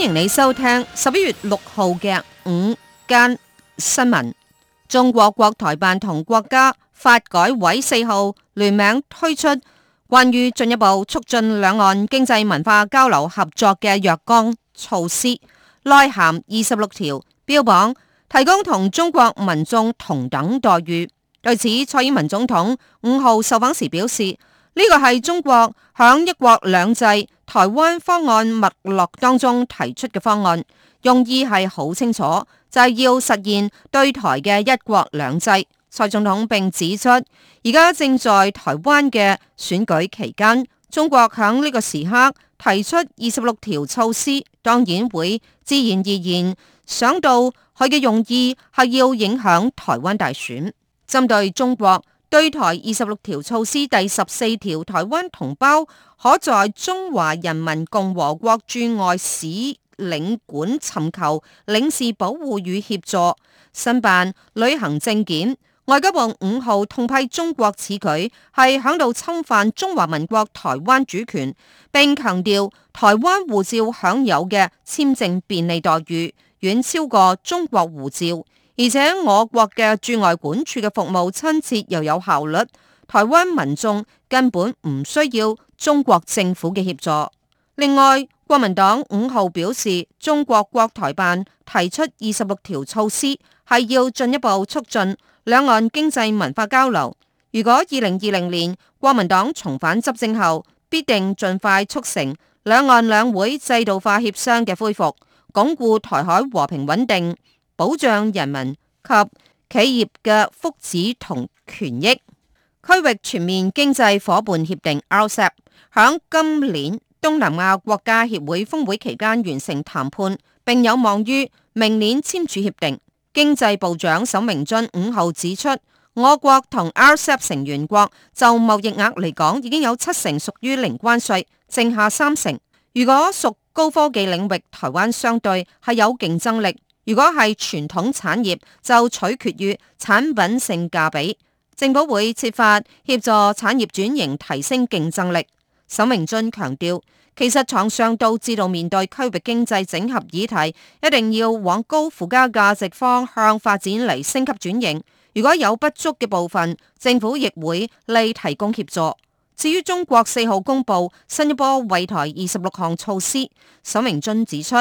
歡迎你收聽十一月六號嘅午間新聞。中國國台辦同國家發改委四號聯名推出關於進一步促進兩岸經濟文化交流合作嘅若干措施，內含二十六條標榜提供同中國民眾同等待遇。對此，蔡英文總統五號受訪時表示：呢、這個係中國響一國兩制。台灣方案脈絡當中提出嘅方案，用意係好清楚，就係要實現對台嘅一國兩制。蔡總統並指出，而家正在台灣嘅選舉期間，中國響呢個時刻提出二十六條措施，當然會自然而然想到佢嘅用意係要影響台灣大選。針對中國對台二十六條措施第十四條，台灣同胞可在中華人民共和國駐外使領館尋求領事保護與協助，申辦旅行證件。外交部五號痛批中國此舉係響度侵犯中華民國台灣主權，並強調台灣護照享有嘅簽證便利待遇遠超過中國護照。而且我國嘅駐外館處嘅服務親切又有效率，台灣民眾根本唔需要中國政府嘅協助。另外，國民黨五號表示，中國國台辦提出二十六條措施，係要進一步促進兩岸經濟文化交流。如果二零二零年國民黨重返執政後，必定盡快促成兩岸兩會制度化協商嘅恢復，鞏固台海和平穩定。保障人民及企業嘅福祉同權益。區域全面經濟夥伴協定 （RCEP） 響今年東南亞國家協會峰會期間完成談判，並有望於明年簽署協定。經濟部長沈明俊五號指出，我國同 RCEP 成員國就貿易額嚟講，已經有七成屬於零關稅，剩下三成。如果屬高科技領域，台灣相對係有競爭力。如果係傳統產業，就取決於產品性價比。政府會設法協助產業轉型，提升競爭力。沈明俊強調，其實廠商到自道面對區域經濟整合議題，一定要往高附加價值方向發展嚟升級轉型。如果有不足嘅部分，政府亦會嚟提供協助。至於中國四號公佈新一波惠台二十六項措施，沈明俊指出，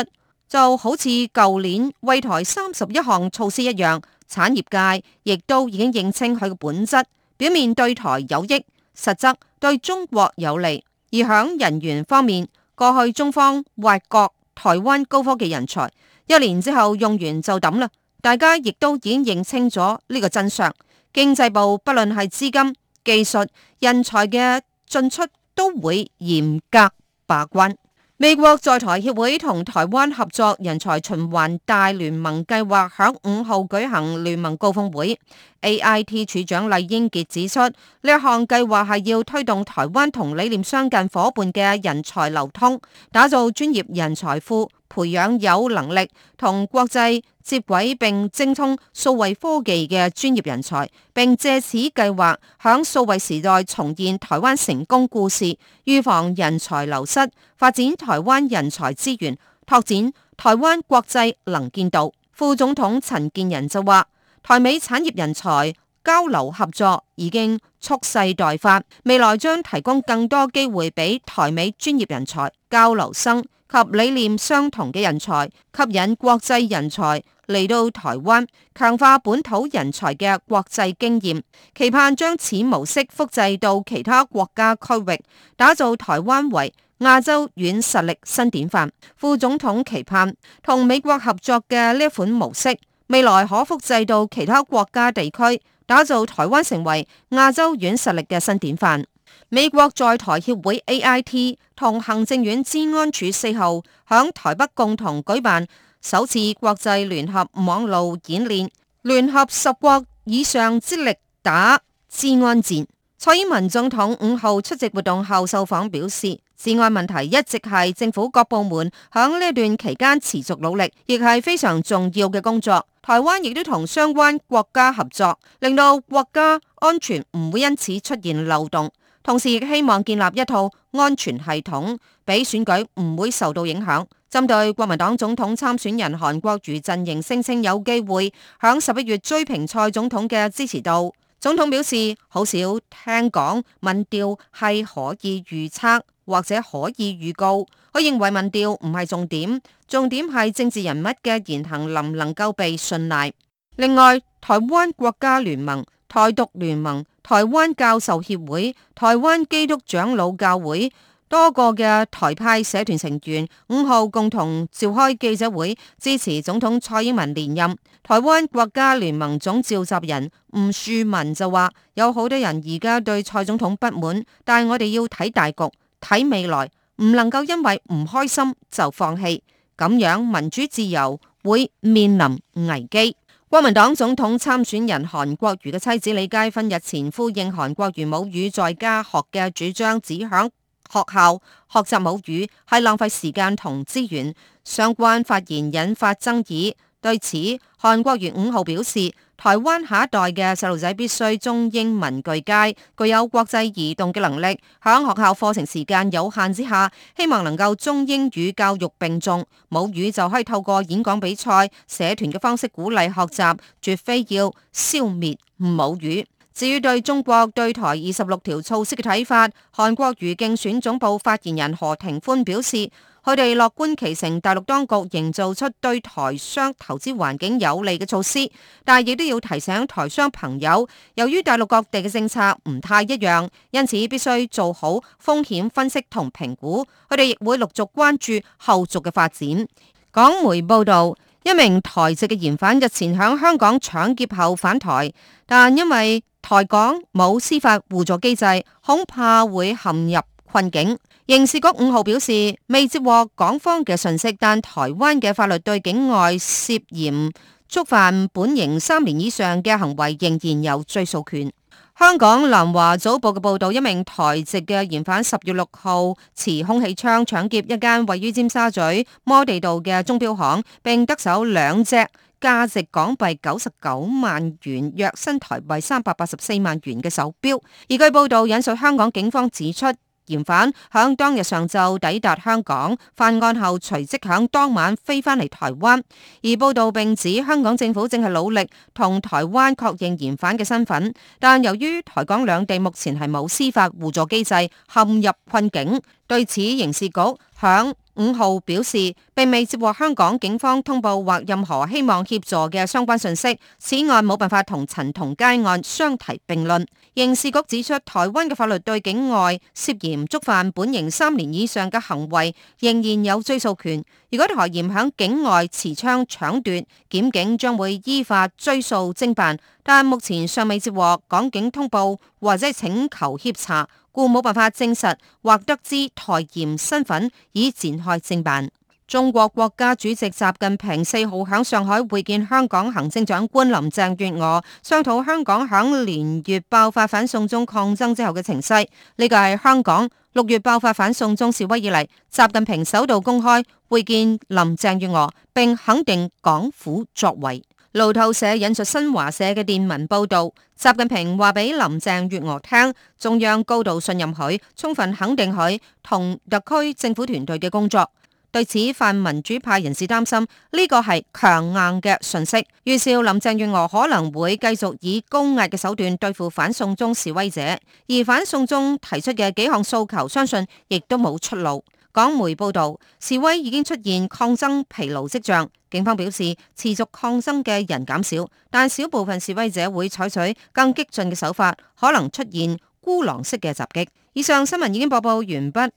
就好似舊年惠台三十一項措施一樣，產業界亦都已經認清佢嘅本質，表面對台有益，實則對中國有利。而響人員方面，過去中方挖角台灣高科技人才，一年之後用完就抌啦，大家亦都已經認清咗呢個真相。經濟部不論係資金、技術、人才嘅進出，都會嚴格把關。美國在台協會同台灣合作人才循環大聯盟計劃響五號舉行聯盟高峰會，AIT 處長麗英傑指出，呢一項計劃係要推動台灣同理念相近夥伴嘅人才流通，打造專業人才庫。培養有能力同國際接軌並精通數位科技嘅專業人才，並借此計劃響數位時代重現台灣成功故事，預防人才流失，發展台灣人才資源，拓展台灣國際能見度。副總統陳建仁就話：台美產業人才交流合作已經，蓄勢待發，未來將提供更多機會俾台美專業人才、交流生及理念相同嘅人才，吸引國際人才嚟到台灣，強化本土人才嘅國際經驗。期盼將此模式複製到其他國家區域，打造台灣為亞洲軟實力新典範。副總統期盼同美國合作嘅呢一款模式。未來可複製到其他國家地區，打造台灣成為亞洲軟實力嘅新典範。美國在台協會 AIT 同行政院治安處四號響台北共同舉辦首次國際聯合網路演練，聯合十國以上之力打治安戰。蔡英文總統五號出席活動後受訪表示。治安問題一直係政府各部門響呢段期間持續努力，亦係非常重要嘅工作。台灣亦都同相關國家合作，令到國家安全唔會因此出現漏洞。同時亦希望建立一套安全系統，俾選舉唔會受到影響。針對國民黨總統參選人韓國瑜陣營聲稱有機會響十一月追平蔡總統嘅支持度，總統表示，好少聽講民調係可以預測或者可以預告。我認為民調唔係重點，重點係政治人物嘅言行能唔能夠被信賴。另外，台灣國家聯盟、台獨聯盟、台灣教授協會、台灣基督長老教會、多個嘅台派社團成員五號共同召開記者會，支持總統蔡英文連任。台灣國家聯盟總召集人吳樹文就話：有好多人而家對蔡總統不滿，但係我哋要睇大局、睇未來，唔能夠因為唔開心就放棄，咁樣民主自由會面臨危機。國民黨總統參選人韓國瑜嘅妻子李佳芬日前呼應韓國瑜母語在家學嘅主張，指響。學校學習母語係浪費時間同資源，相關發言引發爭議。對此，韓國瑜五號表示：台灣下一代嘅細路仔必須中英文俱佳，具有國際移動嘅能力。響學校課程時間有限之下，希望能夠中英語教育並重，母語就可以透過演講比賽、社團嘅方式鼓勵學習，絕非要消滅母語。至於對中國對台二十六條措施嘅睇法，韓國瑜競選總部發言人何庭歡表示，佢哋樂觀其成，大陸當局營造出對台商投資環境有利嘅措施，但亦都要提醒台商朋友，由於大陸各地嘅政策唔太一樣，因此必須做好風險分析同評估。佢哋亦會陸續關注後續嘅發展。港媒報道，一名台籍嘅嫌犯日前喺香港搶劫後返台，但因為台港冇司法互助機制，恐怕會陷入困境。刑事局五號表示，未接獲港方嘅信息，但台灣嘅法律對境外涉嫌觸犯本刑三年以上嘅行為，仍然有追訴權。香港南華早報嘅報道，一名台籍嘅嫌犯十月六號持空氣槍搶劫一間位於尖沙咀摩地道嘅鐘表行，並得手兩隻價值港幣九十九萬元，約新台幣三百八十四萬元嘅手表。而據報道，引述香港警方指出。嫌犯響當日上晝抵達香港，犯案後隨即響當晚飛返嚟台灣。而報道並指香港政府正係努力同台灣確認嫌犯嘅身份，但由於台港兩地目前係冇司法互助機制，陷入困境。對此，刑事局響五號表示，並未接獲香港警方通報或任何希望協助嘅相關信息。此案冇辦法同陳同佳案相提並論。刑事局指出，台灣嘅法律對境外涉嫌觸犯本刑三年以上嘅行為仍然有追訴權。如果台嫌響境外持槍搶奪，檢警將會依法追訴偵辦，但目前尚未接獲港警通報或者請求協查。故冇辦法證實或得知台嫌身份，已展開偵辦。中國國家主席習近平四號響上海會見香港行政長官林鄭月娥，商討香港響連月爆發反送中抗爭之後嘅情勢。呢個係香港六月爆發反送中示威以嚟，習近平首度公開會見林鄭月娥，並肯定港府作為。路透社引述新華社嘅電文報道，習近平話俾林鄭月娥聽，中央高度信任佢，充分肯定佢同特區政府團隊嘅工作。對此，泛民主派人士擔心呢個係強硬嘅信息，預兆林鄭月娥可能會繼續以高壓嘅手段對付反送中示威者，而反送中提出嘅幾項訴求，相信亦都冇出路。港媒報道，示威已經出現抗爭疲勞跡象。警方表示，持續抗爭嘅人減少，但少部分示威者會採取更激進嘅手法，可能出現孤狼式嘅襲擊。以上新聞已經播報完畢。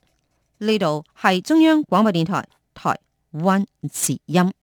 呢度係中央廣播電台，台灣之音。